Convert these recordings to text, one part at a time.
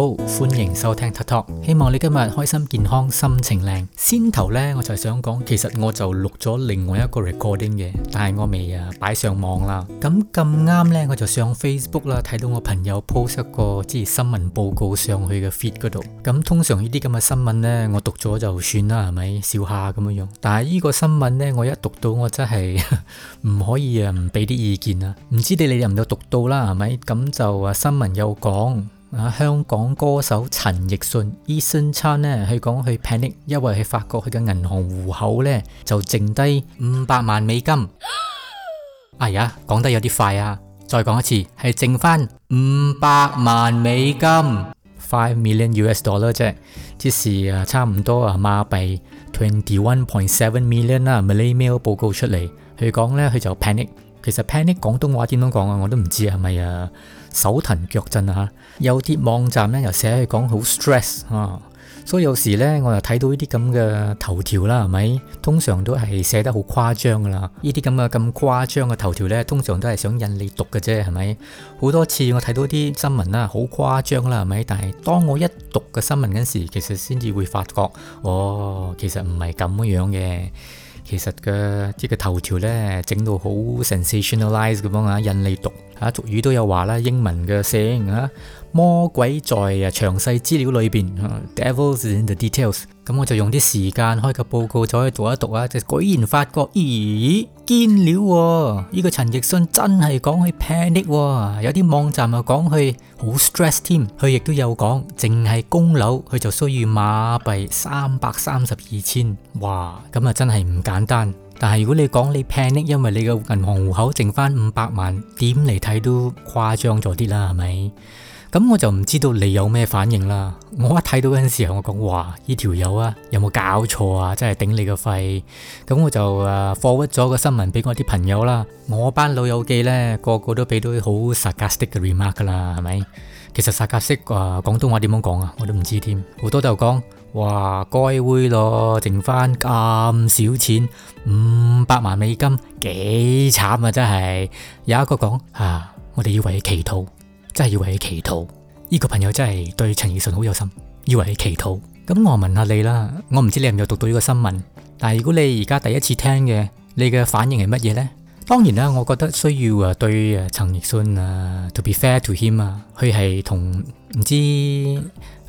好，歡迎收聽 Tuck Talk。希望你今日開心、健康、心情靚。先頭咧，我就想講，其實我就錄咗另外一個 recording 嘅，但係我未啊擺上網啦。咁咁啱咧，我就上 Facebook 啦，睇到我朋友 post 一個即係新聞報告上去嘅 feed 嗰度。咁通常呢啲咁嘅新聞咧，我讀咗就算啦，係咪？笑下咁樣樣。但係呢個新聞咧，我一讀到我真係唔可以啊，唔俾啲意見啊。唔知你哋有唔有讀到啦，係咪？咁就啊，新聞又講。啊！香港歌手陳奕迅 Eason Chan 呢，佢講佢 panic，因為佢發覺佢嘅銀行戶口呢就剩低五百萬美金。哎呀，講得有啲快啊！再講一次，係剩翻五百萬美金 （five million US dollars） 啫。即是啊，差唔多啊，馬幣 twenty-one point seven million 啦。Malay Mail 報告出嚟，佢講呢，佢就 panic。其實 panic 廣東話點樣講啊？我都唔知係咪啊，係咪啊手騰腳震啊？有啲網站咧又寫去講好 stress 啊，所以有時咧我又睇到呢啲咁嘅頭條啦，係咪？通常都係寫得好誇張噶啦，呢啲咁嘅咁誇張嘅頭條咧，通常都係想引你讀嘅啫，係咪？好多次我睇到啲新聞啦，好誇張啦，係咪？但係當我一讀嘅新聞嗰時，其實先至會發覺，哦，其實唔係咁樣嘅。其實個啲個頭條咧，整到好 sensationalize 咁樣啊，引你讀。啊，俗語都有話啦，英文嘅聲啊，魔鬼在啊詳細資料裏邊，devils in the details。咁我就用啲時間開個報告，再去讀一讀舉啊，就居然發覺咦，堅料喎，呢個陳奕迅真係講起 panic 喎，有啲網站又講佢好 stress 添，佢亦都有講，淨係供樓佢就需要馬幣三百三十二千，哇，咁啊真係唔簡單。但係如果你講你 panic，因為你個銀行戶口剩翻五百萬，點嚟睇都誇張咗啲啦，係咪？咁我就唔知道你有咩反應啦。我一睇到嗰陣時候，我講哇，呢條友啊，有冇搞錯啊？真係頂你個肺！咁我就誒 forward 咗個新聞俾我啲朋友啦。我班老友記呢，個個都俾到好 sarcastic 嘅 remark 噶啦，係咪？其實 sarcastic 啊、呃，廣東話點樣講啊？我都唔知添。好多就講。哇，該會咯，剩翻咁少錢，五百萬美金，幾慘啊！真係有一個講啊，我哋以為佢祈禱，真係以為佢祈禱。呢、呢個朋友真係對陳奕迅好有心，以為佢祈禱。咁我問下你啦，我唔知你係唔係有讀到呢個新聞，但係如果你而家第一次聽嘅，你嘅反應係乜嘢呢？當然啦，我覺得需要啊，對誒，陳奕迅啊，to be fair to him 啊，佢係同。唔知誒、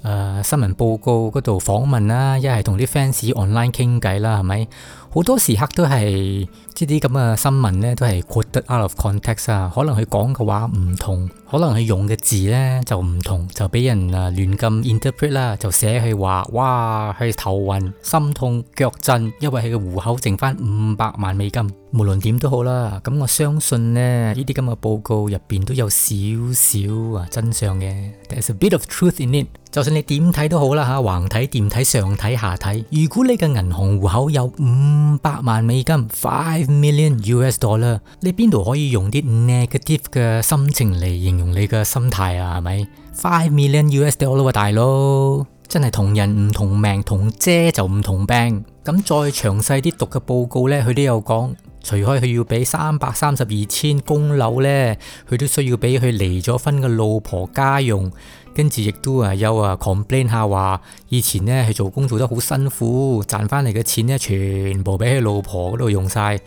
呃、新聞報告嗰度訪問啦，一係同啲 fans online 傾偈啦，係咪？好多時刻都係即啲咁嘅新聞咧，都係 quoted out of context 啊。可能佢講嘅話唔同，可能佢用嘅字咧就唔同，就俾人誒亂咁 interpret 啦，就寫佢話哇佢頭暈、心痛、腳震，因為佢嘅戶口剩翻五百萬美金。無論點都好啦，咁我相信咧呢啲咁嘅報告入邊都有少少啊真相嘅。a bit of truth in it，就算你點睇都好啦吓，橫睇、掂睇、上睇、下睇。如果你嘅銀行戶口有五百萬美金 （five million US dollar），你邊度可以用啲 negative 嘅心情嚟形容你嘅心態啊？係咪？five million US dollar 啊，大佬真係同人唔同命，同姐就唔同病。咁再詳細啲讀嘅報告呢，佢都有講。除開佢要俾三百三十二千供樓呢，佢都需要俾佢離咗婚嘅老婆家用，跟住亦都啊有啊 complain 下話，以前呢，佢做工做得好辛苦，賺翻嚟嘅錢呢，全部俾佢老婆嗰度用晒。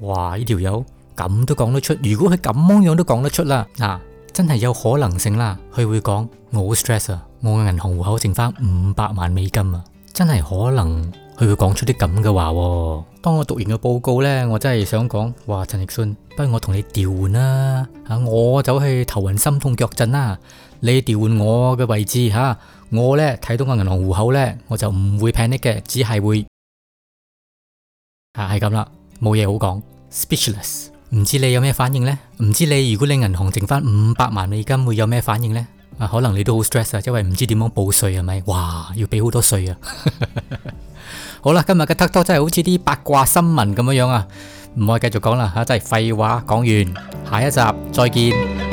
哇！呢條友咁都講得出，如果佢咁樣樣都講得出啦，嗱，真係有可能性啦，佢會講我 stress 啊，我嘅銀行戶口剩翻五百萬美金啊，真係可能。佢會講出啲咁嘅話、哦，當我讀完個報告呢，我真係想講：，話陳奕迅，不如我同你調換啦，吓、啊、我走去頭暈心痛腳震啦、啊，你調換我嘅位置吓、啊，我呢睇到個銀行戶口呢，我就唔會 panic 嘅，只係會係係咁啦，冇嘢、啊、好講，speechless，唔知你有咩反應呢？唔知你如果你銀行剩翻五百萬美金會有咩反應呢？啊，可能你都好 stress 啊，因為唔知點樣報稅係咪？哇，要俾好多稅啊！ 好啦，今日嘅 talk 真係好似啲八卦新聞咁樣樣啊，唔可以繼續講啦吓，真係廢話講完，下一集再見。